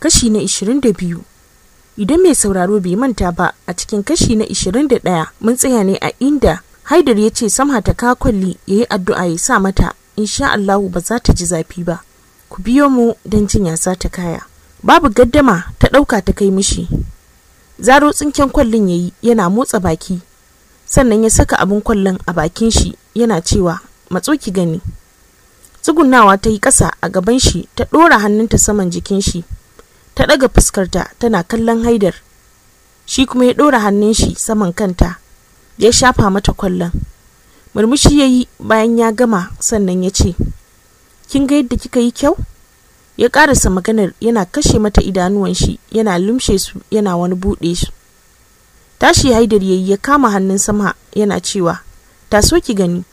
kashi na 22 idan mai sauraro bai manta ba a cikin kashi na 21 mun tsaya ne a inda haidar ya ce samha ta kakwalli ya yi addu'a ya sa mata insha Allahu ba za ta ji zafi ba ku biyo mu don jin ya sa ta kaya babu gaddama ta ɗauka ta kai mishi zaro tsinken kwallin ya yi yana motsa baki sannan ya saka abin kwallon a bakin shi yana cewa matso ki gani tsugunawa ta yi ƙasa a gaban shi ta ɗora hannunta saman jikin shi ta ɗaga fuskarta tana kallon haidar shi kuma ya ɗora hannun shi saman kanta ya shafa mata kwallon murmushi ya yi bayan ya gama sannan ya ce kin ga yadda kika yi kyau ya ƙarasa maganar yana kashe mata idanuwan shi yana lumshe su yana wani buɗe su tashi haidar ya yi ya kama hannun sama yana cewa ta so ki gani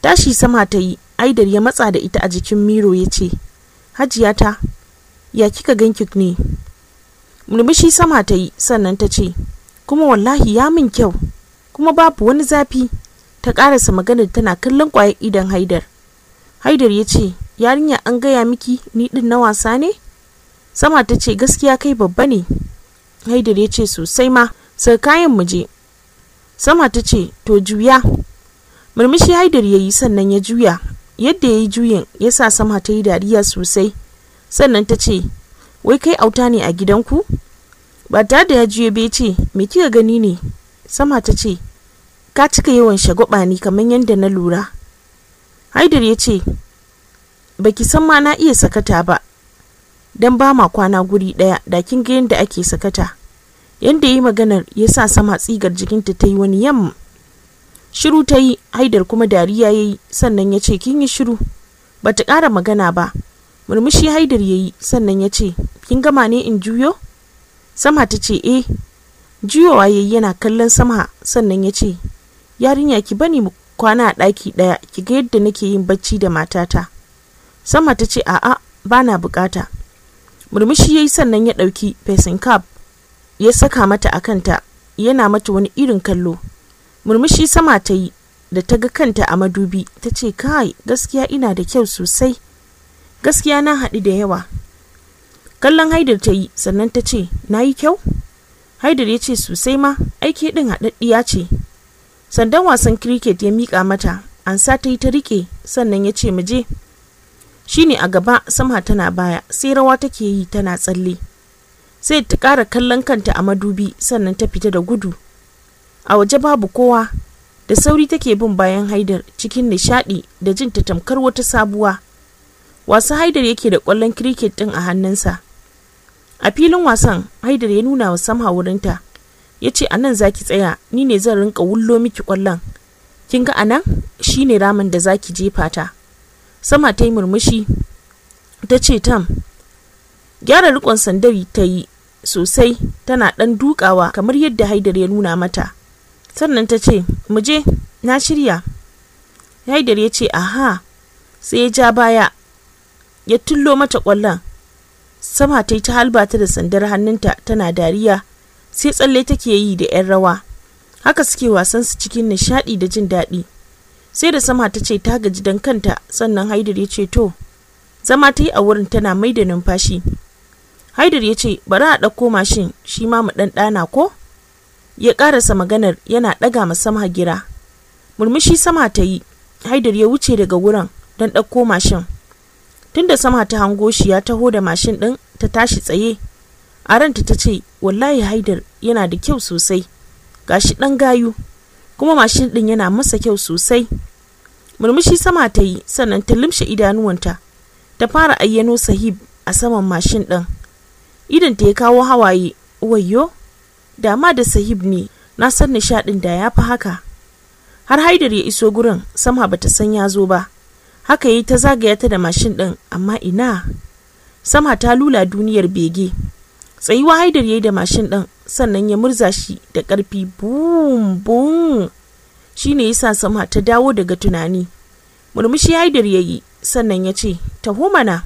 tashi sama ta yi haidar ya matsa da ita a jikin miro ya ce hajiyata ya kika ganki ne murmushi sama ta yi sannan ta ce kuma wallahi ya min kyau kuma babu wani zafi ta ƙarasa maganar tana kallon kwaye idan haidar haidar ya ce yarinya an gaya miki ni din na wasa ne sama ta ce gaskiya kai babba ne haidar ya ce sosai ma sai kayan muje sama ta ce to juya murmushi haidar ya yi sannan ya juya yadda ya yi juyin ya sa sama ta yi dariya sosai sannan ta ce wai kai auta ne a gidanku ba tare da ya juye bai ce me kika gani ne sama ta ce ka cika yawan shagwaba ne kamar yadda na lura haidar ya ce baki san ma na iya sakata ba don ba ma kwana guri daya da kin ga yadda ake sakata yadda yi maganar ya sa sama tsigar jikinta ta yi wani yamma shiru ta yi haidar kuma dariya ya yi sannan ya ce kin yi shiru ba ta ƙara magana ba murmushi haidar ya yi sannan ya ce kin gama ne in juyo sama ta ce eh juyowa ya yi yana kallon sama sannan ya ce yarinya ki bani kwana a ɗaki ɗaya ki ga yadda nake yin bacci da matata sama ta ce a'a ba na bukata murmushi ya yi sannan ya ɗauki fesin cap ya saka mata a kanta yana mata wani irin kallo murmushi sama ta yi da ta ga kanta a madubi ta ce kai gaskiya ina da kyau sosai gaskiya na haɗu da yawa kallon haidar ta yi sannan ta ce na yi kyau haidar ya ce sosai ma aiki ɗin haɗaɗɗiya ce sandan wasan kiriket ya miƙa mata an sa ta yi ta riƙe sannan ya ce muje ne a gaba samha tana baya sai rawa take yi tana tsalle sai ta ƙara kallon kanta a madubi sannan ta fita da gudu a waje babu kowa da sauri take bin bayan haidar cikin nishaɗi da jin ta tamkar wata sabuwa wasu haidar yake da kwallon kiriket ɗin a hannunsa a filin wasan haidar ya nuna wa sam wurinta ya ce a nan za ki tsaya ni ne zan rinka wullo miki kwallon. kin ga anan shi ne ramin da za ki jefa ta sama ta yi murmushi ta ce tam gyara rikon sandari ta yi sosai tana ɗan dukawa kamar yadda haidar ya nuna mata sannan ta ce mu na shirya haidar ya ce aha sai ya ja baya ya tullo mata kwallon. sama ta yi ta halbata da sandar hannunta tana dariya sai tsalle take yi da 'yan rawa haka suke wasan su cikin nishaɗi da jin daɗi sai da sama ta ce ta gaji dan kanta sannan haidar ya ce to zama ta yi a wurin tana mai da numfashi haidar ya ce bari a ɗauko mashin shi ma mu ɗan ɗana ko ya ƙarasa maganar yana ɗaga ma sama gira murmushi sama ta yi haidar ya wuce daga wurin don ɗauko mashin tunda sama ta hango shi ya taho da mashin ɗin ta tashi tsaye a ranta ta ce wallahi haidar yana da kyau sosai ga shi ɗan gayu kuma mashin ɗin yana masa kyau sosai murmushi sama ta yi sannan ta limshe idanuwanta ta fara ayyano sahib a saman mashin ɗin idan ta ya kawo hawaye wayo dama da sahib ne na san nishaɗin da ya fi haka har haidar ya iso gurin sama bata san ya zo ba haka yi ta zagaya ta da mashin ɗin amma ina sama ta lula duniyar bege tsayuwa haidar yi da mashin ɗin sannan ya murza shi da ƙarfi bum bum shi ne yasa sama ta dawo daga tunani murmushi haidar yayi sannan ya ce taho mana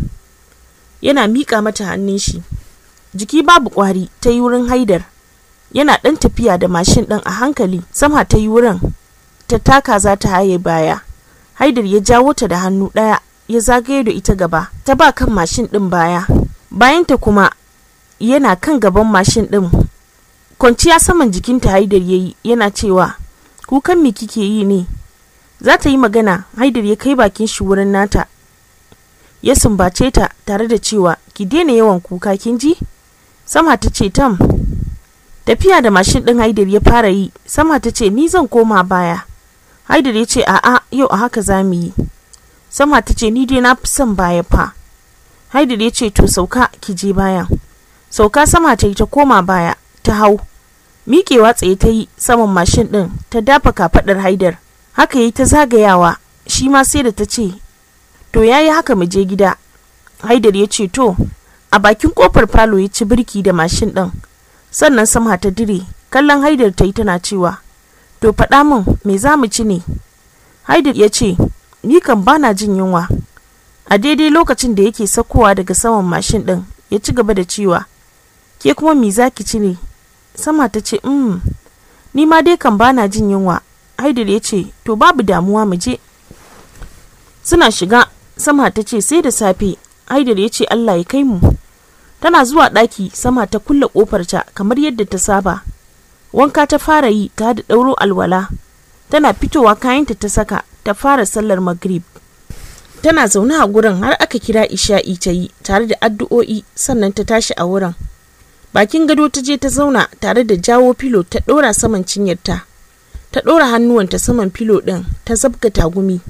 yana miƙa mata hannun shi jiki babu ƙwari ta yi wurin haidar yana ɗan tafiya da mashin ɗin a hankali sama ta yi wurin ta taka za ta haye baya haidar ya jawo ta da hannu ɗaya ya zagaye da ita gaba ta ba kan mashin ɗin baya bayan ta kuma yana kan gaban mashin ɗin kwanciya saman jikinta haidar ya yi yana cewa kukan me kike yi ne za ta yi magana haidar ya kai bakin shi wurin nata ya sumbace ta tare da cewa ki daina yawan kuka kin ji sama ta ce tam tafiya da mashin ɗin haidar ya fara yi sama ta ce ni zan koma baya haidar ya ce a'a yau a haka za mu yi sama ta ce ni dai na fi son baya fa haidar ya ce to sauka ki je baya sauka sama ta yi ta koma baya ta hau miƙewa tsaye ta yi saman mashin ɗin ta dafa kafaɗar haidar haka yi ta zagayawa shi ma sai da ta ce to ya yi haka mu je gida haidar ya ce to a bakin kofar falo ya ci birki da mashin ɗin sannan sama ta dire kallon haidar ta yi tana cewa to faɗa min me za mu ci ne haidu ya ce ni kan bana jin yunwa a daidai lokacin da yake sakowa daga saman mashin ɗin ya ci gaba da cewa ke kuma me za ki ci ne sama ta ce mm ni ma dai kan bana jin yunwa haidu ya ce to babu damuwa mu je suna shiga sama ta ce sai da safe haidu ya ce allah ya kai mu tana zuwa ɗaki sama ta kulle ƙofarta kamar yadda ta saba wanka ta fara yi ta da ɗauro alwala tana fitowa kayanta ta saka ta fara sallar magrib tana zaune a gurin har aka kira isha'i ta yi tare da addu'o'i sannan ta tashi a wurin bakin gado ta je ta zauna tare da jawo filo ta ɗora saman cinyarta ta ɗora hannuwanta saman filo ɗin ta zabga tagumi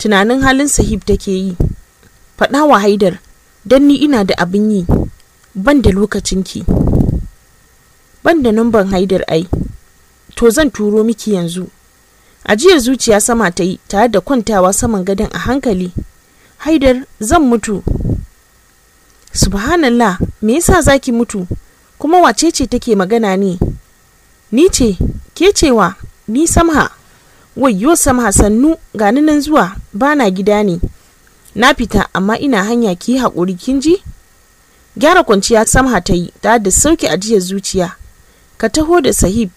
tunanin halin sahib take yi faɗa wa haidar don ni ina da abin yi ban da lokacinki ban da numban haidar ai to zan turo miki yanzu ajiyar zuciya sama ta yi tare da kwantawa saman gadon a hankali haidar zan mutu subhanallah me yasa zaki mutu kuma wace ce take magana ne ni ce ke cewa ni samha wayyo samha sannu gani nan zuwa bana gida ne na fita amma ina hanya ki haƙuri kin ji gyara kwanciya samha ta yi ta da sauke ajiyar zuciya ka taho da sahib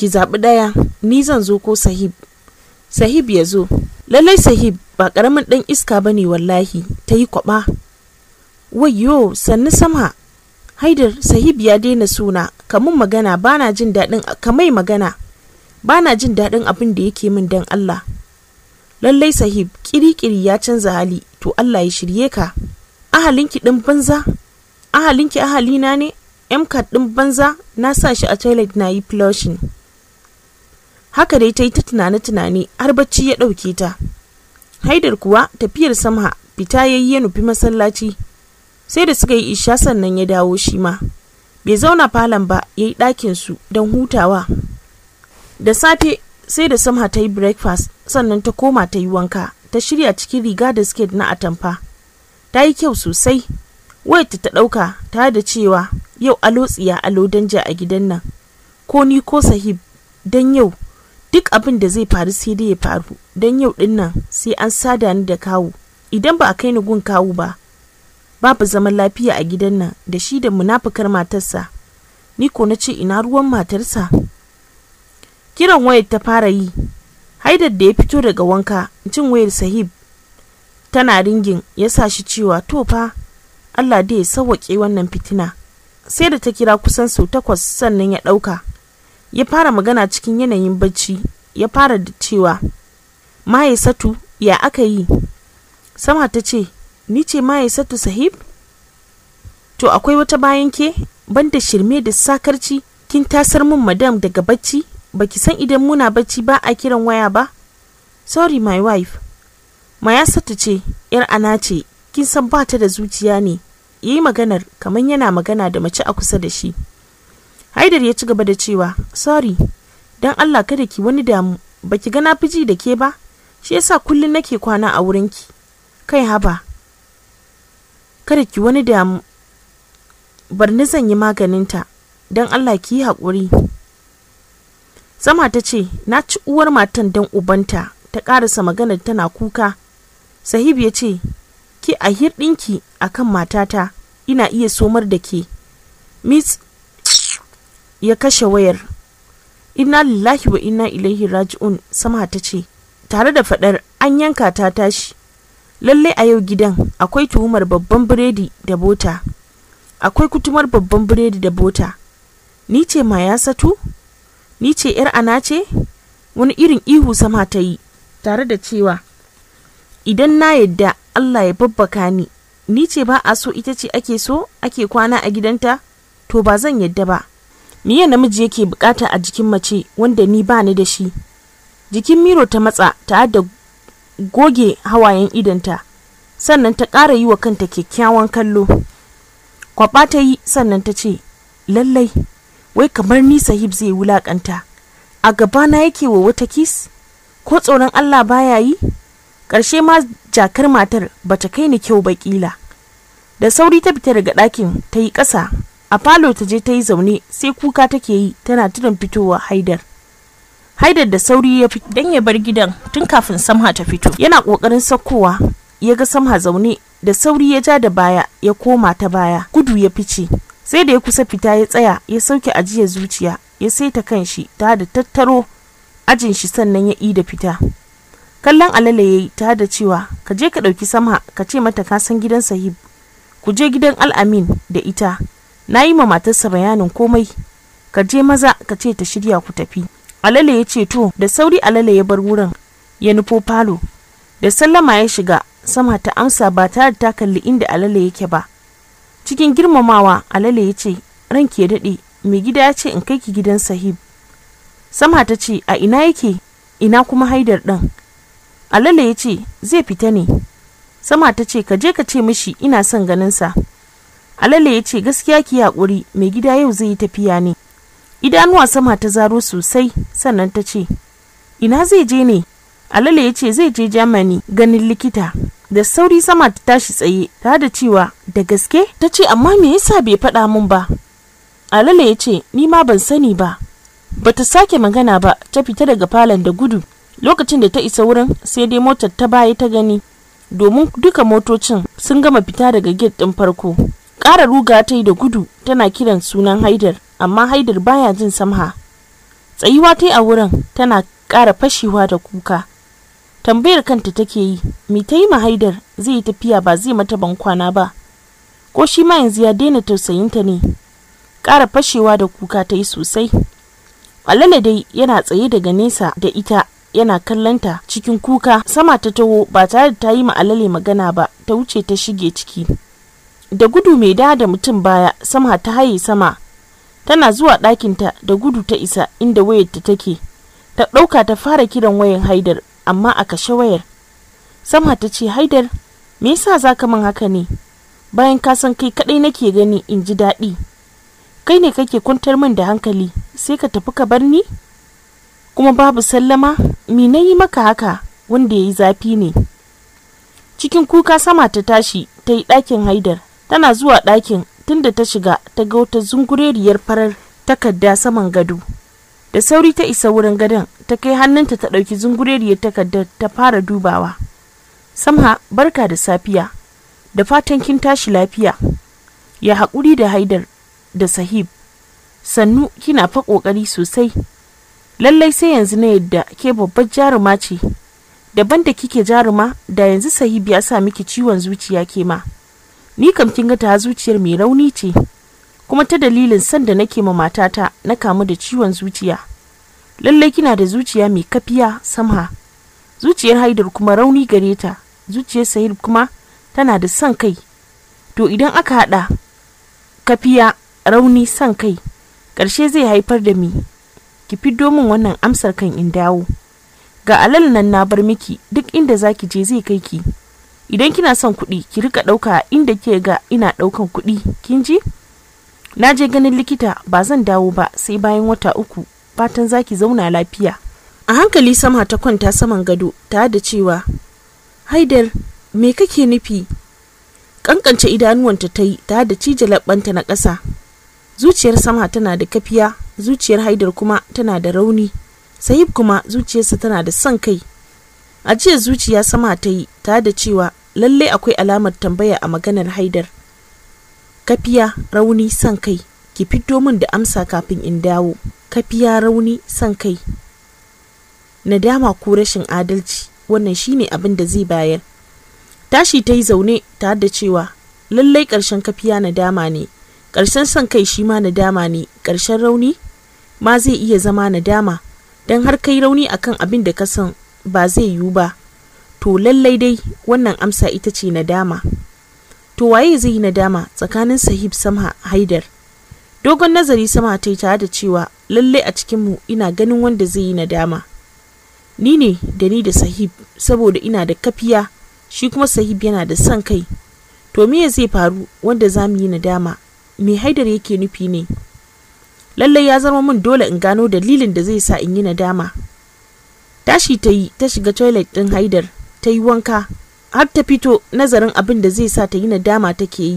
ki zaɓi ɗaya ni zan zo ko sahib sahib ya zo lallai sahib ba ƙaramin ɗan iska ba ne wallahi ta yi kwaɓa wayyo sannu sama haidar sahib ya daina suna kamun magana bana jin daɗin kamai magana bana jin daɗin abin da yake min dan allah lallai sahib kirikiri ya canza hali to allah ya shirye ka ahalinki ɗin banza ahalinki ahalina ne M-card ɗin banza na sa shi a toilet na yi flushing haka dai ta yi ta tunane-tunane har bacci ya ɗauke ta haidar kuwa tafiyar samha fita ya yi ya nufi masallaci sai da suka yi isha sannan ya dawo shi ma bai zauna falon ba ya yi su don hutawa da safe sai da samha ta yi breakfast sannan ta koma ta yi wanka ta shirya cikin riga da siket na atamfa ta yi kyau sosai wayar ta ɗauka ta da cewa yau alo tsiya alo danja a gidan nan ko ni ko sahib don yau duk abin da zai faru sai dai ya faru don yau din nan sai an sada ni da kawu idan ba a kai ni gun kawu ba babu zaman lafiya a gidan nan da shi da munafukar matarsa ni ko na ce ina ruwan matarsa kiran wayar ta fara yi haidar da ya fito daga wanka cin wayar sahib tana ringin ya sa shi cewa to fa Allah dai ya sawwaƙe wannan fitina sai da ta kira kusan sau takwas sannan ya ɗauka ya fara magana cikin yanayin bacci ya fara da cewa mahaisatu ya aka yi sama ta ce ni ce mahaisatu sahib to akwai wata bayan ke banda shirme da sakarci kin tasar mun madam daga bacci baki san idan muna bacci ba a kiran waya ba sorry my wife mayasatu ce yar ana ce kin san ba ta da zuciya ne ya yi maganar kamar yana magana da mace a kusa da shi haidar ya ci gaba da cewa sorry don allah kada ki wani damu baki ga gana fi ji da ke ba shi yasa kullum nake kwana a wurinki kai haba kada ki wani damu bar ni zan yi maganinta don allah ki yi haƙuri zama ta ce na ci uwar matan don ubanta ta ƙarasa maganar tana kuka sahib ya ce ki a hirɗinki a kan matata ina iya somar da ke miss ya kashe wayar inna lillahi wa inna ilaihi raji'un sama ta ce tare da faɗar an yanka ta tashi lallai a yau gidan akwai tuhumar babban biredi da bota akwai kutumar babban biredi da bota ni ce ma ya satu ni ce yar ana ce wani irin ihu sama ta yi tare da cewa idan na yadda Allah ya babbaka ni ni ce ba a so ita ce ake so ake kwana a gidanta to ba zan yadda ba miye namiji yake bukata a jikin mace wanda ni ba ni da shi jikin miro ta matsa ta da goge hawayen idanta sannan ta ƙara yi wa kanta kyakkyawan kallo kwaɓa ta yi sannan ta ce lallai wai kamar ni sahib zai wulaƙanta a gabana yake wa wata kis ko tsoron allah baya yi ƙarshe ma jakar matar bata kai ni kyau ba ƙila da sauri ta fita daga ɗakin ta yi ƙasa a falo ta je ta yi zaune sai kuka take yi tana tunan fitowa haidar haidar da sauri ya fito dan ya bar gidan tun kafin samha ta fito yana ƙoƙarin sakkowa ya ga samha zaune da sauri ya ja da baya ya koma ta baya gudu ya fice sai da ya kusa fita ya tsaya ya sauke ajiyar zuciya ya saita kanshi ta da tattaro ajin shi sannan ya ida fita kallon alala ya yi ta da cewa ka je ka ɗauki samha ka ce mata ka san gidan sahib ku je gidan al'amin da ita na yi ma matarsa bayanin komai ka je maza ka ce ta shirya ku tafi alala ya ce to da sauri alala ya bar wurin ya nufo falo da sallama ya shiga sama ta amsa ba tare ta kalli inda alala yake ba cikin girmamawa alala ya ce ranki ya daɗe mai gida ya ce in kai ki gidan sahib sama ta ce a ina yake ina kuma haidar ɗan Alala ya ce zai fita ne. Sama ta ce ka je ka ce mishi ina son ganinsa. Alala ya ce gaskiya ki haƙuri mai gida yau zai yi tafiya ne. Idanuwa sama ta zaro sosai sannan ta ce ina zai je ne? Alala ya ce zai je jamani ganin likita. Da sauri sama ta tashi tsaye ta da cewa da gaske ta ce amma me yasa bai faɗa mun ba. Alala ya ce ni ma ban sani ba. Bata sake magana ba ta fita daga falon da gudu. lokacin da ta isa wurin sai dai motar ta baya ta gani domin duka motocin sun gama fita daga gate din farko ƙara ruga ta yi da gudu tana kiran sunan haidar amma haidar baya jin samha tsayuwa ta yi a wurin tana ƙara fashewa da kuka tambayar kanta take yi mi ta yi ma haidar zai yi tafiya ba zai mata kwana ba ko shi ma yanzu ya daina tausayinta ne ƙara fashewa da kuka ta yi sosai alala dai yana tsaye daga nesa da ita yana kallanta cikin kuka sama ta taho ba tare da ta yi ma'alale magana ba ta wuce ta shige ciki da gudu mai da da mutum baya sama ta haye sama tana zuwa ɗakinta da gudu ta isa inda wayarta take ta ɗauka ta fara kiran wayan haidar amma a kashe wayar sama ta ce haidar me yasa za ka min haka ne bayan ka san kai kaɗai nake gani in ji daɗi kai ne kake kwantar min da hankali sai ka tafi ka bar ni kuma babu sallama me na yi maka haka wanda ya yi zafi ne cikin kuka sama ta tashi ta yi ɗakin haidar tana zuwa ɗakin tunda ta shiga ta ga wata zungureriyar farar takarda saman gado da sauri ta isa wurin gadon ta kai hannunta ta ɗauki zungureriyar takardar ta fara dubawa samha barka da safiya da fatan kin tashi lafiya ya haƙuri da haidar da sahib sannu kina fa ƙoƙari sosai lallai sai yanzu na yadda ke babbar jaruma ce daban da kike jaruma da yanzu sahibi ya sa miki ciwon zuciya ke ma ni kam kin ga ta zuciyar mai rauni ce kuma ta dalilin san da nake ma matata na kamu da ciwon zuciya lallai kina da zuciya mai kafiya samha zuciyar haidar kuma rauni gare ta zuciyar sahib kuma tana da san kai to idan aka haɗa kafiya rauni san kai ƙarshe zai haifar da mi ki fiddo min wannan amsar kan in dawo ga alal nan na bar miki duk inda zaki je zai kai ki idan kina son kuɗi ki rika ɗauka inda ke ga ina ɗaukan kuɗi kin ji na je ganin likita ba zan dawo ba sai bayan wata uku fatan zaki zauna lafiya a hankali sama ta kwanta saman gado ta da cewa haidar me kake nufi kankance idanuwanta ta yi ta da cije labbanta na ƙasa zuciyar sama tana da kafiya zuciyar haidar kuma tana da rauni sahib kuma zuciyarsa tana da son kai a jiya zuciya sama ta yi ta da cewa lallai akwai alamar tambaya a maganar haidar kafiya rauni son kai ki fito min da amsa kafin in dawo kafiya rauni son kai nadama ko rashin adalci wannan shine abin da zai bayar tashi ta yi zaune ta da cewa lallai ƙarshen kafiya nadama ne ƙarshen son kai shi ma nadama ne ƙarshen rauni ma zai iya zama nadama don har kai rauni akan abin da ka san ba zai yiwu ba to lallai dai wannan amsa ita ce nadama to waye zai yi nadama tsakanin sahib samha haidar dogon nazari sama ta yi tare da cewa lallai a cikinmu ina ganin wanda zai yi nadama ni ne da ni da sahib saboda ina da kafiya shi kuma sahib yana da son kai to me zai faru wanda za mu yi nadama me haidar yake nufi ne lallai ya zama min dole in gano dalilin da zai sa in yi nadama tashi ta yi ta shiga toilet ɗin haidar ta yi wanka har ta fito nazarin abin da zai sa ta yi nadama take yi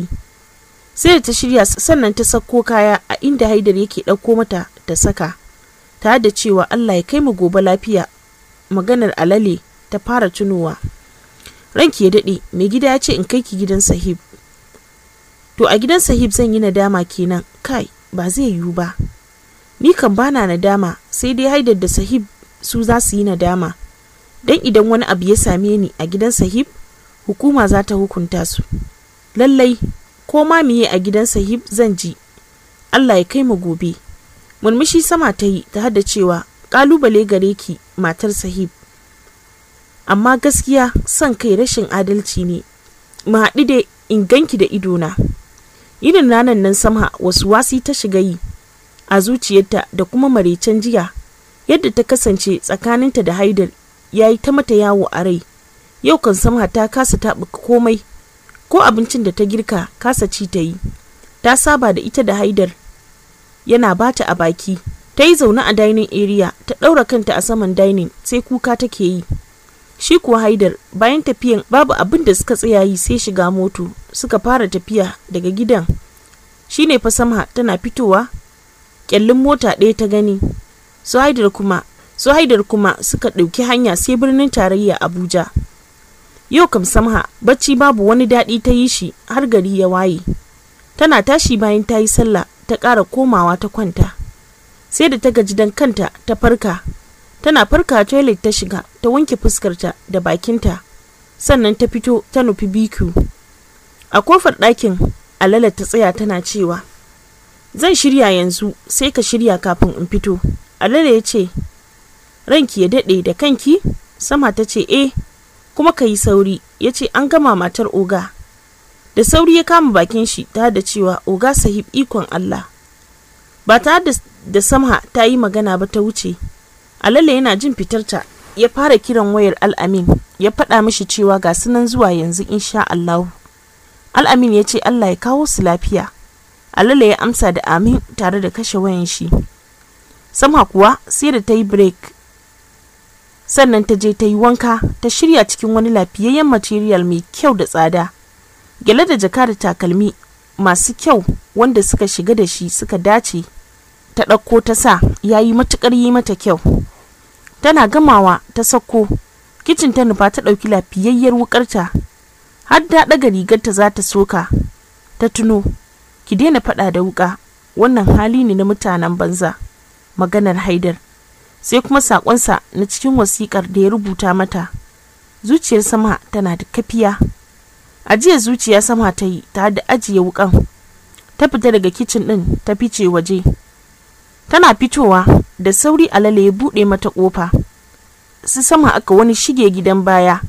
sai da ta shirya sannan ta sako kaya a inda haidar yake ɗauko mata ta saka ta da cewa allah ya kai mu gobe lafiya maganar alale ta fara tunowa ranki ya daɗe mai gida ya ce in kai ki gidan sahib to a gidan sahib zan yi nadama kenan kai ba zai yiwu ba ni kan bana nadama sai dai haidar da sahib su za su yi nadama don idan wani abu ya same ni a gidan sahib hukuma za ta hukunta su lallai ko ma miye a gidan sahib zan ji allah ya kai mu gobe murmushi sama ta yi ta hada cewa kalubale gare ki matar sahib amma gaskiya son kai rashin adalci ne mu haɗu da in ganki da idona irin ranar nan samha wasu wasi ta shiga yi a zuciyarta da kuma maraicen jiya yadda ta kasance tsakaninta da haidar ya yi ta mata yawo a rai yau kan samha ta kasa taɓa komai ko abincin da ta girka kasa ci ta yi ta saba da ita da haidar yana bata a baki ta yi zaune a dining area ta ɗaura kanta a saman dining sai kuka take yi shi kuwa haidar bayan tafiyan babu abin da suka tsaya yi sai shiga moto suka fara tafiya daga gidan shine ne fasamha tana fitowa Kyallin mota ɗaya ta gani su haidar kuma su haidar kuma suka ɗauki hanya sai birnin tarayya abuja yau kam samha bacci babu wani daɗi ta yi shi har gari ya waye tana tashi bayan ta yi sallah ta ƙara komawa ta kwanta sai da ta gaji don kanta ta farka tana farka toilet ta shiga ta wanke fuskarta da bakinta sannan ta fito ta nufi biku a kofar ɗakin alala ta tsaya tana cewa zan shirya yanzu sai ka shirya kafin in fito alala ya ce ranki ya daɗe da kanki sama ta ce eh kuma ka yi sauri ya ce an gama matar oga da sauri ya kama bakin shi ta da cewa oga sahib ikon allah ba ta da samha ta yi magana ba ta wuce alala yana jin fitarta ya fara kiran wayar al'amin ya faɗa mishi cewa ga sunan zuwa yanzu insha allahu al'amin ya ce allah ya kawo su lafiya alala ya amsa da amin tare da kashe wayan shi sama kuwa sai da ta yi break sannan ta je ta yi wanka ta shirya cikin wani lafiyayyen material mai kyau da tsada gyale da jaka da takalmi masu kyau wanda suka shiga da shi suka dace ta ɗauko ta sa ya yi matuƙar yi mata kyau tana gamawa ta sauko. kicin ta nufa ta ɗauki lafiyayyar wukarta har ta ɗaga rigarta za ta soka ta tuno ki daina faɗa da wuƙa wannan hali ne na mutanen banza maganar haidar sai kuma saƙonsa na cikin wasiƙar da ya rubuta mata zuciyar sama tana da kafiya ajiya zuciya sama ta yi ta da ajiye wuƙan ta fita daga kicin ɗin ta fice waje tana fitowa da sauri alale ya buɗe mata ƙofa su sama aka wani shige gidan baya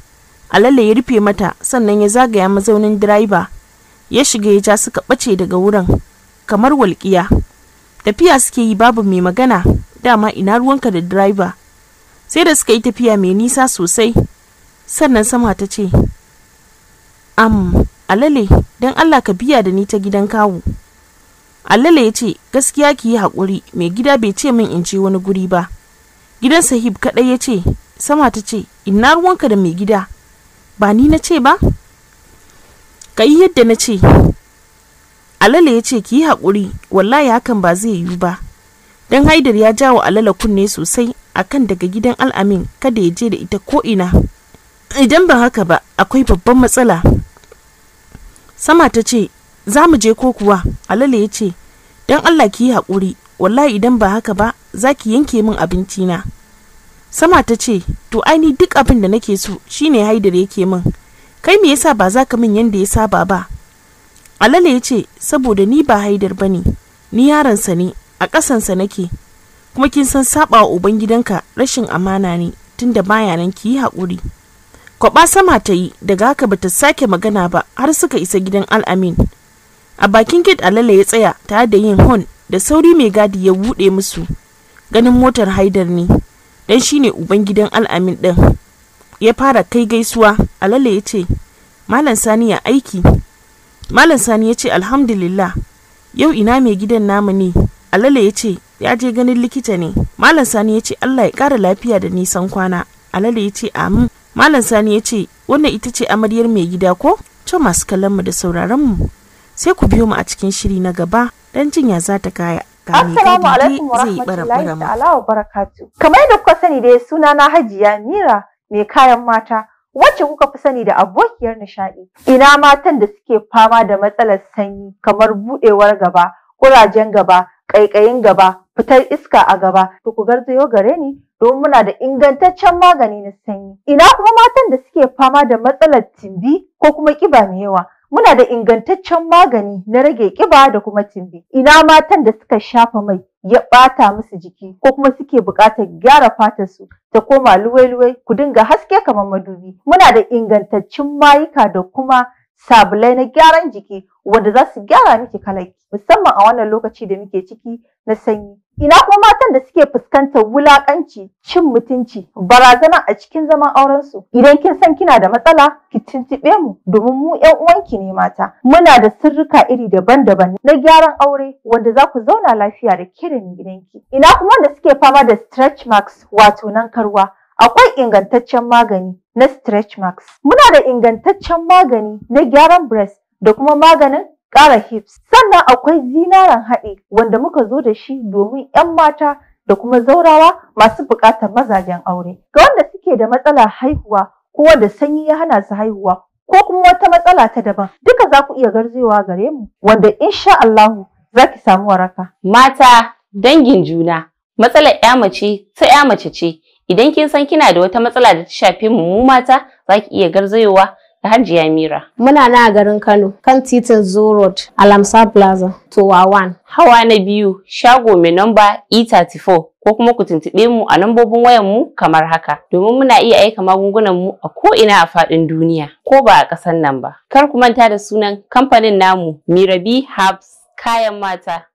alalle ya rufe mata sannan ya zagaya mazaunin direba ya shiga ya ja suka ɓace daga wurin kamar walƙiya tafiya suke yi babu mai magana dama ina ruwanka da direba sai da suka yi tafiya mai nisa sosai sannan sama ta ce am alale don allah ka biya da ni ta gidan kawu alale ya ce gaskiya ki yi haƙuri mai gida bai ce min in ce wani guri ba gidan sahib kaɗai ya ce sama ta ce ina ruwanka da mai gida ba ni na ce ba ka yi yadda na ce alala ya ce ki yi haƙuri wallahi hakan ba zai yiwu ba don haidar ya jawo alala kunne sosai akan daga gidan al'amin kada ya je da ita ko'ina idan ba haka ba akwai babban matsala sama ta ce za mu je ko kuwa alala ya ce don allah ki yi haƙuri wallahi idan ba haka ba za ki yanke min abincina sama ta ce to aini duk abin da nake so shine haidar yake min kai me yasa ba za ka min yanda ya saba ba alale ya ce saboda ni ba haidar ba ne ni yaransa ne a ƙasansa nake kuma kin san saba wa ubangidanka rashin amana ne tunda baya nan ki yi haƙuri kwaba sama ta yi daga haka bata sake magana ba har suka isa gidan al'amin a bakin gate alale ya tsaya tare da yin hon da sauri mai gadi ya buɗe musu ganin motar haidar ne dan shine uban gidan al'amin din ya fara kai gaisuwa alale ya ce malam sani ya aiki malam sani ya ce alhamdulillah yau ina mai gidan namu ne alale ya ce ya je ganin likita ne malam sani ya ce allah ya kara lafiya da nisan kwana alale ya ce amin malam sani ya ce wannan ita ce amaryar mai gida ko to masu kallon mu da sauraron mu sai ku biyo mu a cikin shiri na gaba Dan jinya za ta kaya Assalamu alaikum wa rahmatullahi ta'ala wa barakatu. Kamar yadda kuka sani dai suna na Hajiya Mira mai kayan mata wacce kuka fi sani da abokiyar nishaɗi. Ina matan da suke fama da matsalar sanyi kamar buɗewar gaba, ƙurajen gaba, ƙaiƙayin gaba, fitar iska a gaba, to ku garzayo gare ni don muna da ingantaccen magani na sanyi. Ina kuma matan da suke fama da matsalar timbi ko kuma ƙiba mai yawa, muna da ingantaccen magani na rage ƙiba da kuma tumbi. Ina matan da suka shafa mai ya ɓata musu jiki ko kuma suke buƙatar gyara fatar su ta koma luwai-luwai ku dinga haske kamar madubi. Muna da ingantaccen mayuka da kuma sabulai na gyaran jiki wanda za su gyara miki kalaki musamman a wannan lokaci da muke ciki na sanyi. Ina kuma matan da suke fuskantar wulakanci, cin mutunci, barazana a cikin zaman aurensu. Idan kin san kina da matsala, ki tuntuɓe mu domin mu ƴan uwanki ne mata. Muna da sirrika iri daban-daban na gyaran aure wanda za ku zauna lafiya da ke da gidanki. Ina kuma wanda suke fama da stretch marks wato nan karwa. Akwai ingantaccen magani na stretch marks. Muna da ingantaccen magani na gyaran breast da kuma maganin ƙara hips. Sannan akwai zinaren haɗi wanda muka zo da shi domin 'yan mata da kuma zaurawa masu buƙatar mazajen aure. Ga wanda suke da matsalar haihuwa ko wanda sanyi ya hana su haihuwa ko kuma wata matsala ta daban duka za ku iya garzewa gare mu wanda insha Allahu za ki samu waraka. Mata dangin juna matsalar 'ya mace ta 'ya mace ce Idan kin san kina da wata matsala da ta shafe mu mu mata, za ki iya garzayowa da Hajiya Mira. Muna na garin Kano, kan titin Zoo Road, Alamsa Plaza, Towa wan. Hawa na biyu, shago mai namba E34. ko kuma ku tuntuɓe mu a lambobin wayan mu kamar haka domin muna iya aika magungunan mu a ko ina a faɗin duniya ko ba a ƙasan nan ba kar ku manta da sunan kamfanin namu Mirabi Herbs kayan mata